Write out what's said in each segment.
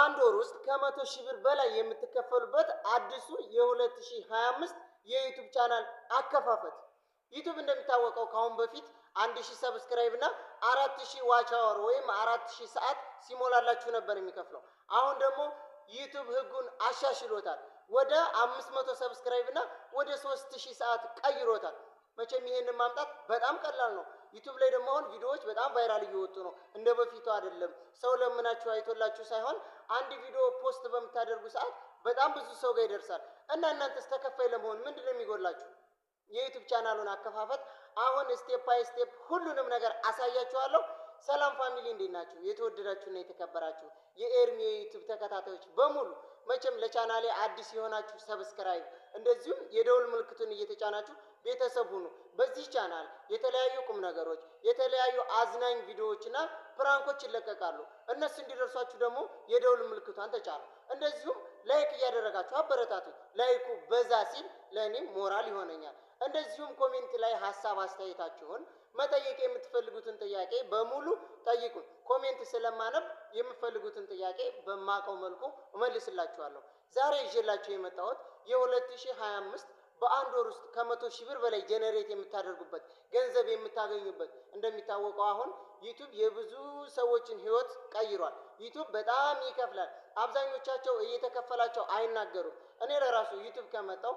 በአንድ ወር ውስጥ ከመቶ ሺህ ብር በላይ የምትከፈሉበት አዲሱ የ2025 የዩቱብ ቻናል አከፋፈት። ዩቱብ እንደሚታወቀው ከአሁን በፊት አንድ ሺህ ሰብስክራይብ እና አራት ሺህ ዋች አወር ወይም አራት ሺህ ሰዓት ሲሞላላችሁ ነበር የሚከፍለው። አሁን ደግሞ ዩቱብ ህጉን አሻሽሎታል። ወደ አምስት መቶ ሰብስክራይብ እና ወደ ሶስት ሺህ ሰዓት ቀይሮታል። መቼም ይሄንን ማምጣት በጣም ቀላል ነው። ዩቱብ ላይ ደግሞ አሁን ቪዲዮዎች በጣም ቫይራል እየወጡ ነው። እንደ በፊቱ አይደለም። ሰው ለምናችሁ አይቶላችሁ ሳይሆን አንድ ቪዲዮ ፖስት በምታደርጉ ሰዓት በጣም ብዙ ሰው ጋር ይደርሳል እና እናንተስ ተከፋይ ለመሆን ምንድን ነው የሚጎላችሁ? የዩቱብ ቻናሉን አከፋፈት አሁን ስቴፕ ባይ ስቴፕ ሁሉንም ነገር አሳያችኋለሁ። ሰላም ፋሚሊ እንዴት ናችሁ? የተወደዳችሁና የተከበራችሁ የኤርሚ የዩቱብ ተከታታዮች በሙሉ መቼም ለቻናሌ አዲስ የሆናችሁ ሰብስክራይብ፣ እንደዚሁም የደውል ምልክቱን እየተጫናችሁ ቤተሰብ ሁኑ። በዚህ ቻናል የተለያዩ ቁም ነገሮች፣ የተለያዩ አዝናኝ ቪዲዮዎችና ፕራንኮች ይለቀቃሉ። እነሱ እንዲደርሷችሁ ደግሞ የደውል ምልክቷን ተጫሉ እንደዚሁም ላይክ እያደረጋችሁ አበረታቱ። ላይኩ በዛ ሲል ለእኔም ሞራል ይሆነኛል። እንደዚሁም ኮሜንት ላይ ሀሳብ አስተያየታችሁን መጠየቅ የምትፈልጉትን ጥያቄ በሙሉ ጠይቁን። ኮሜንት ስለማነብ የምትፈልጉትን ጥያቄ በማቀው መልኩ እመልስላችኋለሁ። ዛሬ ይዤላችሁ የመጣሁት የ2025 በአንድ ወር ውስጥ ከመቶ ሺህ ብር በላይ ጀነሬት የምታደርጉበት ገንዘብ የምታገኙበት። እንደሚታወቀው አሁን ዩቱብ የብዙ ሰዎችን ህይወት ቀይሯል። ዩቱብ በጣም ይከፍላል። አብዛኞቻቸው እየተከፈላቸው አይናገሩም። እኔ ለራሱ ዩቱብ ከመጣው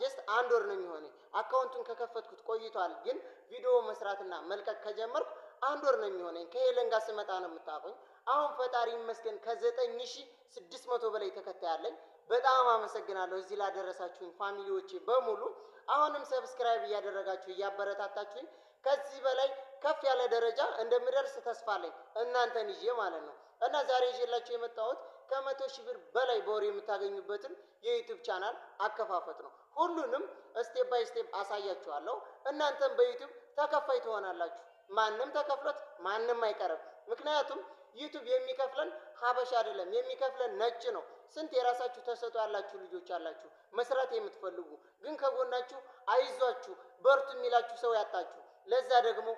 ጀስት አንድ ወር ነው የሚሆነኝ። አካውንቱን ከከፈትኩት ቆይቷል፣ ግን ቪዲዮ መስራትና መልቀቅ ከጀመርኩ አንድ ወር ነው የሚሆነኝ። ከሄለን ጋር ስመጣ ነው የምታቆኝ። አሁን ፈጣሪ ይመስገን ከዘጠኝ ሺህ ስድስት መቶ በላይ ተከታይ አለኝ። በጣም አመሰግናለሁ እዚህ ላደረሳችሁኝ ፋሚሊዎቼ በሙሉ። አሁንም ሰብስክራይብ እያደረጋችሁ እያበረታታችሁኝ ከዚህ በላይ ከፍ ያለ ደረጃ እንደምደርስ ተስፋ አለኝ እናንተን ይዤ ማለት ነው። እና ዛሬ ይዤላችሁ የመጣሁት ከመቶ ሺህ ብር በላይ በወር የምታገኙበትን የዩቱብ ቻናል አከፋፈት ነው። ሁሉንም ስቴፕ ባይ ስቴፕ አሳያችኋለሁ። እናንተም በዩቱብ ተከፋይ ትሆናላችሁ። ማንም ተከፍሎት ማንም አይቀርም። ምክንያቱም ዩቱብ የሚከፍለን ሀበሻ አይደለም፣ የሚከፍለን ነጭ ነው። ስንት የራሳችሁ ተሰጦ ያላችሁ ልጆች አላችሁ፣ መስራት የምትፈልጉ ግን ከጎናችሁ አይዟችሁ በርቱ የሚላችሁ ሰው ያጣችሁ። ለዛ ደግሞ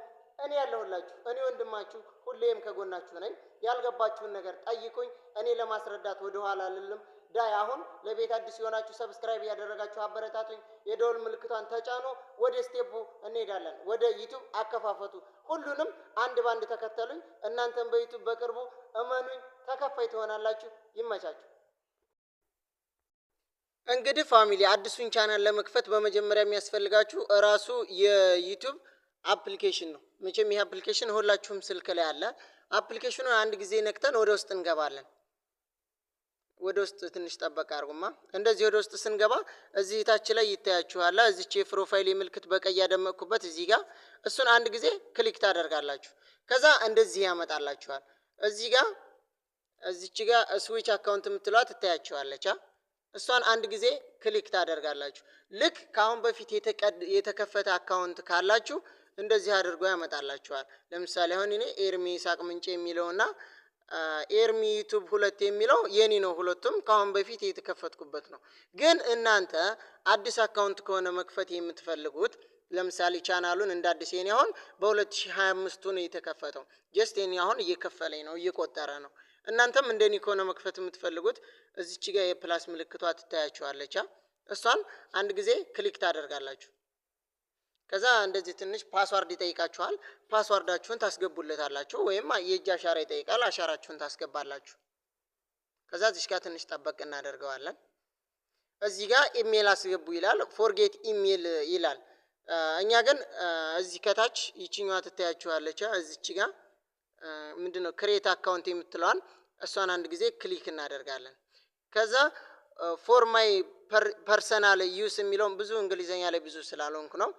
እኔ ያለሁላችሁ፣ እኔ ወንድማችሁ ሁሌም ከጎናችሁ ነኝ። ያልገባችሁን ነገር ጠይቁኝ፣ እኔ ለማስረዳት ወደኋላ አልልም። ዳይ አሁን ለቤት አዲስ የሆናችሁ ሰብስክራይብ ያደረጋችሁ አበረታቱኝ። የደወል ምልክቷን ተጫኖ ወደ ስቴፑ እንሄዳለን። ወደ ዩቱብ አከፋፈቱ ሁሉንም አንድ ባንድ ተከተሉኝ። እናንተም በዩቱብ በቅርቡ እመኑኝ ተከፋይ ትሆናላችሁ። ይመቻችሁ። እንግዲህ ፋሚሊ አዲሱን ቻናል ለመክፈት በመጀመሪያ የሚያስፈልጋችሁ እራሱ የዩቱብ አፕሊኬሽን ነው። መቼም ይህ አፕሊኬሽን ሁላችሁም ስልክ ላይ አለ። አፕሊኬሽኑን አንድ ጊዜ ነክተን ወደ ውስጥ እንገባለን። ወደ ውስጥ ትንሽ ጠበቅ አርጉማ። እንደዚህ ወደ ውስጥ ስንገባ እዚህ ታች ላይ ይታያችኋል። እዚች የፕሮፋይል ምልክት በቀይ ያደመቅኩበት እዚህ ጋር እሱን አንድ ጊዜ ክሊክ ታደርጋላችሁ። ከዛ እንደዚህ ያመጣላችኋል። እዚህ ጋር እዚች ጋር ስዊች አካውንት የምትሏ ትታያችኋለች። እሷን አንድ ጊዜ ክሊክ ታደርጋላችሁ። ልክ ከአሁን በፊት የተከፈተ አካውንት ካላችሁ እንደዚህ አድርጎ ያመጣላችኋል። ለምሳሌ አሁን እኔ ኤርሚ ይስሐቅ ምንጭ የሚለውና ኤርሚ ዩቱብ ሁለት የሚለው የኔ ነው። ሁለቱም ከአሁን በፊት የተከፈትኩበት ነው። ግን እናንተ አዲስ አካውንት ከሆነ መክፈት የምትፈልጉት ለምሳሌ ቻናሉን እንደ አዲስ የኔ አሁን በ2025 ነው የተከፈተው። ጀስት የኔ አሁን እየከፈለኝ ነው እየቆጠረ ነው። እናንተም እንደ ከሆነ መክፈት የምትፈልጉት እዚች ጋር የፕላስ ምልክቷ ትታያችኋለች። እሷን አንድ ጊዜ ክሊክ ታደርጋላችሁ። ከዛ እንደዚህ ትንሽ ፓስዋርድ ይጠይቃችኋል። ፓስዋርዳችሁን ታስገቡለታላችሁ፣ ወይም የእጅ አሻራ ይጠይቃል። አሻራችሁን ታስገባላችሁ። ከዛ እዚህ ጋር ትንሽ ጠበቅ እናደርገዋለን። እዚህ ጋር ኢሜል አስገቡ ይላል፣ ፎርጌት ኢሜል ይላል። እኛ ግን እዚህ ከታች ይችኛዋ ትታያችኋለች። እዚች ጋር ምንድነው ክሬት አካውንት የምትለዋል። እሷን አንድ ጊዜ ክሊክ እናደርጋለን። ከዛ ፎር ማይ ፐርሰናል ዩስ የሚለውን ብዙ እንግሊዝኛ ላይ ብዙ ስላልሆንኩ ነው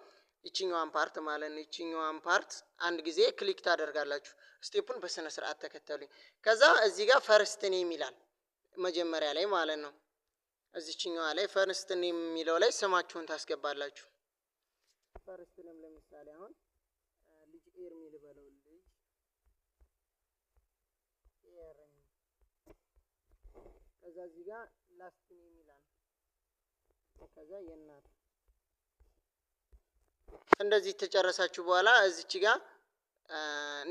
ይችኛዋን ፓርት ማለት ነው። ይችኛዋን ፓርት አንድ ጊዜ ክሊክ ታደርጋላችሁ። ስቴፑን በስነ ስርዓት ተከተሉኝ። ከዛ እዚህ ጋር ፈርስት ኔም ይላል መጀመሪያ ላይ ማለት ነው። እዚችኛዋ ላይ ፈርስት ኔም የሚለው ላይ ስማችሁን ታስገባላችሁ። ፈርስት ኔም ለምሳሌ አሁን ልጅ ኤርሚ ልበለው። ልጅ ኤርሚ። ከዛ እዚህ ጋር ላስት ኔም ይላል። ከዛ የእናት እንደዚህ ተጨረሳችሁ በኋላ እዚች ጋር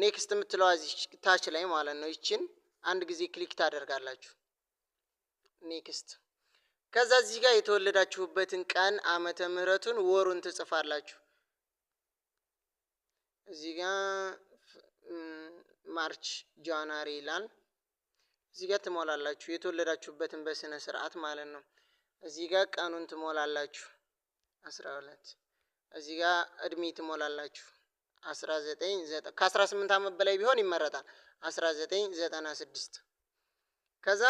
ኔክስት የምትለው እዚች ታች ላይ ማለት ነው። ይችን አንድ ጊዜ ክሊክ ታደርጋላችሁ። ኔክስት ከዛ እዚህ ጋር የተወለዳችሁበትን ቀን ዓመተ ምሕረቱን ወሩን ትጽፋላችሁ። እዚህ ጋር ማርች ጃንዋሪ ይላል። እዚህ ጋር ትሞላላችሁ የተወለዳችሁበትን በስነ ስርዓት ማለት ነው። እዚህ ጋር ቀኑን ትሞላላችሁ አስራ ሁለት እዚህ ጋር እድሜ ትሞላላችሁ። ከ18 ዓመት በላይ ቢሆን ይመረጣል። ስድስት ከዛ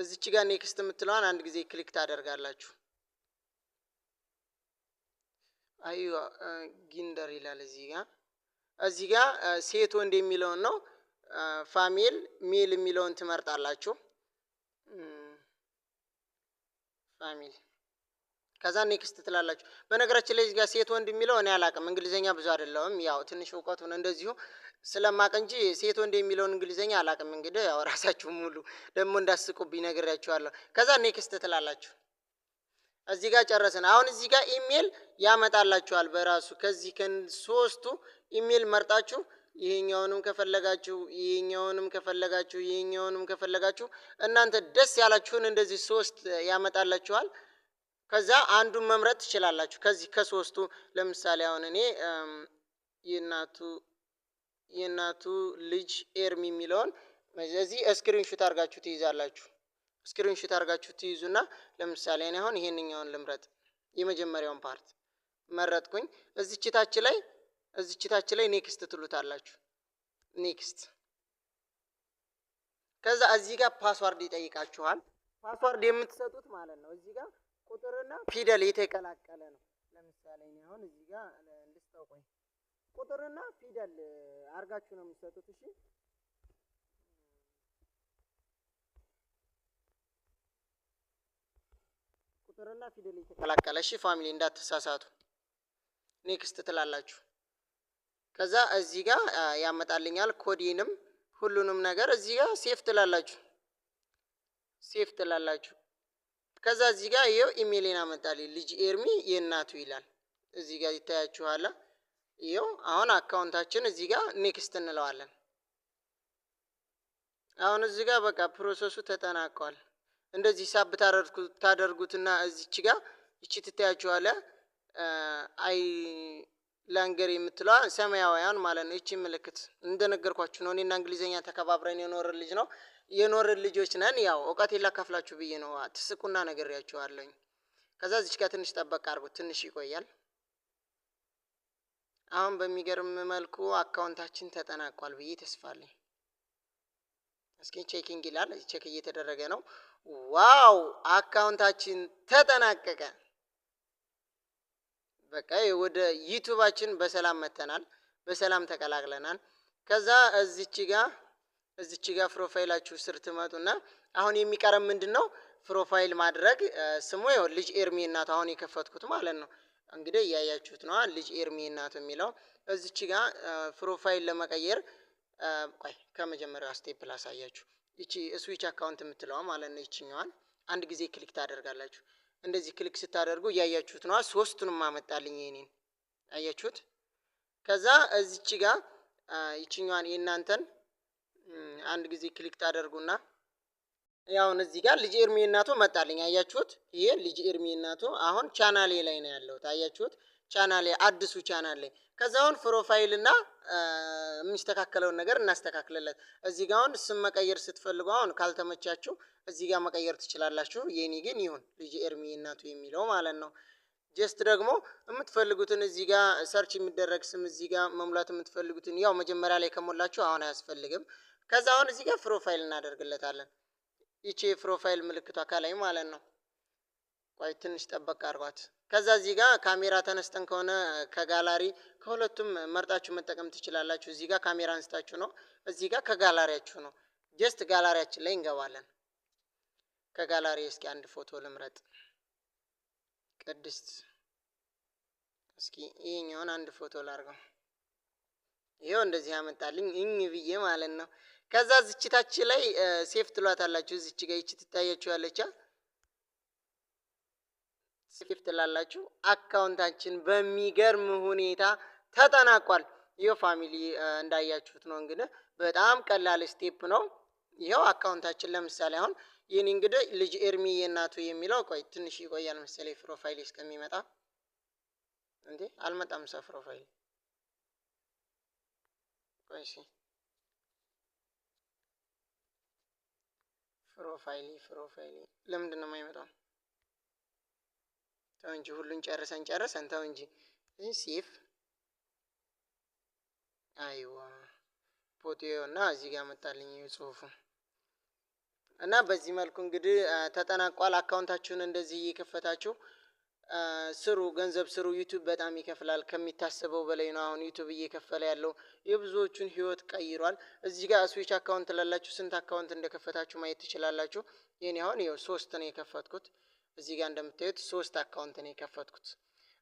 እዚች ጋር ኔክስት የምትለዋን አንድ ጊዜ ክሊክ ታደርጋላችሁ። አዩ ጊንደር ይላል እዚህ ጋር እዚህ ጋር ሴት ወንድ የሚለውን ነው። ፋሜል ሜል የሚለውን ትመርጣላችሁ ፋሚል ከዛ ኔክስት ትላላችሁ። በነገራችን ላይ ጋር ሴት ወንድ የሚለው እኔ አላቅም፣ እንግሊዘኛ ብዙ አይደለሁም። ያው ትንሽ እውቀቱን እንደዚሁ ስለማቅ እንጂ ሴት ወንድ የሚለውን እንግሊዘኛ አላቅም። እንግዲህ ያው ራሳችሁ ሙሉ ደግሞ እንዳስቁብኝ ነግሬያችኋለሁ። ከዛ ኔክስት ትላላችሁ። እዚህ ጋር ጨረስን። አሁን እዚህ ጋር ኢሜል ያመጣላችኋል በራሱ ከዚህ ከሶስቱ ኢሜል መርጣችሁ ይሄኛውንም ከፈለጋችሁ ይሄኛውንም ከፈለጋችሁ ይሄኛውንም ከፈለጋችሁ እናንተ ደስ ያላችሁን እንደዚህ ሶስት ያመጣላችኋል። ከዛ አንዱን መምረጥ ትችላላችሁ። ከዚህ ከሶስቱ ለምሳሌ አሁን እኔ የእናቱ የእናቱ ልጅ ኤርሚ የሚለውን እዚህ ስክሪንሹት አድርጋችሁ ትይዛላችሁ። ስክሪንሹት አድርጋችሁ ትይዙና ለምሳሌ እኔ አሁን ይሄንኛውን ልምረጥ። የመጀመሪያውን ፓርት መረጥኩኝ። እዚች ታች ላይ እዚች ታች ላይ ኔክስት ትሉታላችሁ። ኔክስት ከዛ እዚህ ጋር ፓስዋርድ ይጠይቃችኋል። ፓስዋርድ የምትሰጡት ማለት ነው እዚህ ጋር ቁጥርና ፊደል የተቀላቀለ ነው። ለምሳሌ እኔ አሁን እዚህ ጋር ልስጠው። ቆይ ቁጥርና ፊደል አርጋችሁ ነው የምትሰጡት። እሺ ቁጥርና ፊደል የተቀላቀለ እሺ፣ ፋሚሊ እንዳትሳሳቱ። ኔክስት ትላላችሁ። ከዛ እዚህ ጋር ያመጣልኛል ኮዲንም ሁሉንም ነገር እዚህ ጋር ሴፍ ትላላችሁ ሴፍ ትላላችሁ። ከዛ እዚህ ጋር ይኸው ኢሜሌን አመጣልኝ ልጅ ኤርሚ የእናቱ ይላል። እዚህ ጋር ይታያችኋላ። ይኸው አሁን አካውንታችን እዚህ ጋር ኔክስት እንለዋለን። አሁን እዚህ ጋር በቃ ፕሮሰሱ ተጠናቋል። እንደዚህ ሳብ ታደርጉትና እዚች ጋር ይቺ ትታያችኋለ አይ ላንገር የምትለዋ ሰማያዊያን ማለት ነው። ይቺ ምልክት እንደነገርኳችሁ ነው። እኔና እንግሊዝኛ ተከባብረን የኖረ ልጅ ነው። የኖርን ልጆች ነን። ያው እውቀቴን ላካፍላችሁ ብዬ ነው። ትስቁና ነግሬያችኋለሁኝ። ከዛ እዚች ጋር ትንሽ ጠበቅ አርጉ፣ ትንሽ ይቆያል። አሁን በሚገርም መልኩ አካውንታችን ተጠናቋል ብዬ ተስፋለኝ። እስኪ ቼኪንግ ይላል፣ ቼክ እየተደረገ ነው። ዋው አካውንታችን ተጠናቀቀ። በቃ ወደ ዩቱባችን በሰላም መተናል፣ በሰላም ተቀላቅለናል። ከዛ እዚች ጋር እዚች ጋር ፕሮፋይላችሁ ስር ትመጡና አሁን የሚቀረም ምንድን ነው? ፕሮፋይል ማድረግ ስሙ ይኸው ልጅ ኤርሚ እናቱ አሁን የከፈትኩት ማለት ነው። እንግዲህ እያያችሁት ነዋ ልጅ ኤርሚ እናቱ የሚለው እዚች ጋር ፕሮፋይል ለመቀየር ቆይ ከመጀመሪያው ስቴፕ ላሳያችሁ። ይቺ ስዊች አካውንት የምትለዋ ማለት ነው። ይችኛዋን አንድ ጊዜ ክሊክ ታደርጋላችሁ። እንደዚህ ክሊክ ስታደርጉ እያያችሁት ነዋ። ሶስቱንም አመጣልኝ የኔን አያችሁት። ከዛ እዚች ጋር ይችኛዋን የእናንተን አንድ ጊዜ ክሊክ ታደርጉና ያሁን እዚህ ጋር ልጅ ኤርሚ እናቶ መጣልኝ። አያችሁት? ይሄ ልጅ ኤርሚ እናቶ አሁን ቻናሌ ላይ ነው ያለሁት። አያችሁት? ቻናሌ አዲሱ ቻናሌ ላይ ከዛውን ፕሮፋይል እና የሚስተካከለውን ነገር እናስተካክልለት። እዚህ ጋር አሁን ስም መቀየር ስትፈልጉ አሁን ካልተመቻችሁ እዚህ ጋር መቀየር ትችላላችሁ። የኔ ግን ይሁን ልጅ ኤርሚ እናቱ የሚለው ማለት ነው። ጀስት ደግሞ የምትፈልጉትን እዚህ ጋር ሰርች የሚደረግ ስም እዚህ ጋር መሙላት የምትፈልጉትን ያው መጀመሪያ ላይ ከሞላችሁ አሁን አያስፈልግም። ከዛ አሁን እዚህ ጋር ፕሮፋይል እናደርግለታለን። ይቺ የፕሮፋይል ምልክቷ ከላይ ማለት ነው። ቆይ ትንሽ ጠበቅ አድርጓት። ከዛ እዚህ ጋር ካሜራ ተነስተን ከሆነ ከጋላሪ ከሁለቱም መርጣችሁ መጠቀም ትችላላችሁ። እዚህ ጋር ካሜራ አንስታችሁ ነው፣ እዚህ ጋር ከጋላሪያችሁ ነው። ጀስት ጋላሪያችን ላይ እንገባለን። ከጋላሪ እስኪ አንድ ፎቶ ልምረጥ። ቅድስት እስኪ ይህኛውን አንድ ፎቶ ላርገው። ይኸው እንደዚህ ያመጣልኝ እኝ ብዬ ማለት ነው። ከዛ ዝችታች ላይ ሴፍ ትሏት አላችሁ። እዚች ጋ ይች ትታያችሁ ሴፍ ትላላችሁ። አካውንታችን በሚገርም ሁኔታ ተጠናቋል። ይህ ፋሚሊ እንዳያችሁት ነው እንግዲህ በጣም ቀላል ስቴፕ ነው። ይኸው አካውንታችን ለምሳሌ አሁን ይህን እንግዲህ ልጅ ኤርሚ የእናቱ የሚለው ቆይ ትንሽ ይቆያል መሰለኝ ፕሮፋይል እስከሚመጣ እንዴ አልመጣም። ሰ ፕሮፋይል ቆይ ፕሮፋይሊ ፕሮፋይሊ ለምንድን ነው የማይመጣው? ተው እንጂ ሁሉን ጨርሰን ጨርሰን ተው እንጂ ሴፍ አይዋ ፎቶዬ እና እዚህ ጋር መጣልኝ ጽሁፉ እና በዚህ መልኩ እንግዲህ ተጠናቋል። አካውንታችሁን እንደዚህ እየከፈታችሁ ስሩ ገንዘብ ስሩ። ዩቱብ በጣም ይከፍላል፣ ከሚታሰበው በላይ ነው። አሁን ዩቱብ እየከፈለ ያለው የብዙዎቹን ህይወት ቀይሯል። እዚህ ጋር ስዊች አካውንት ላላችሁ ስንት አካውንት እንደከፈታችሁ ማየት ትችላላችሁ። ይህኔ አሁን ይኸው ሶስት ነው የከፈትኩት። እዚህ ጋር እንደምታዩት ሶስት አካውንት ነው የከፈትኩት።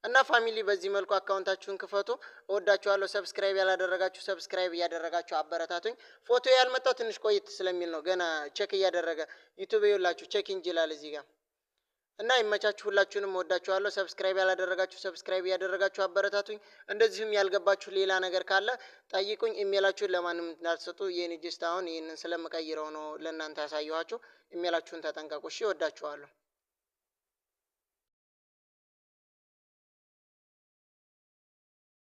እና ፋሚሊ በዚህ መልኩ አካውንታችሁን ክፈቱ። እወዳችኋለሁ። ሰብስክራይብ ያላደረጋችሁ ሰብስክራይብ እያደረጋችሁ አበረታቱኝ። ፎቶ ያልመጣው ትንሽ ቆይት ስለሚል ነው ገና ቼክ እያደረገ ዩቱብ ይውላችሁ ቼክ እንጂ እዚህ ጋር እና ይመቻችሁ። ሁላችሁንም ወዳችኋለሁ። ሰብስክራይብ ያላደረጋችሁ ሰብስክራይብ እያደረጋችሁ አበረታቱኝ። እንደዚሁም ያልገባችሁ ሌላ ነገር ካለ ጠይቁኝ። ኢሜላችሁን ለማንም እንዳትሰጡ። የኔ ጅስት አሁን ይህንን ስለምቀይረው ነው ለእናንተ ያሳየኋችሁ። ኢሜላችሁን ተጠንቀቁ። እሺ፣ ወዳችኋለሁ።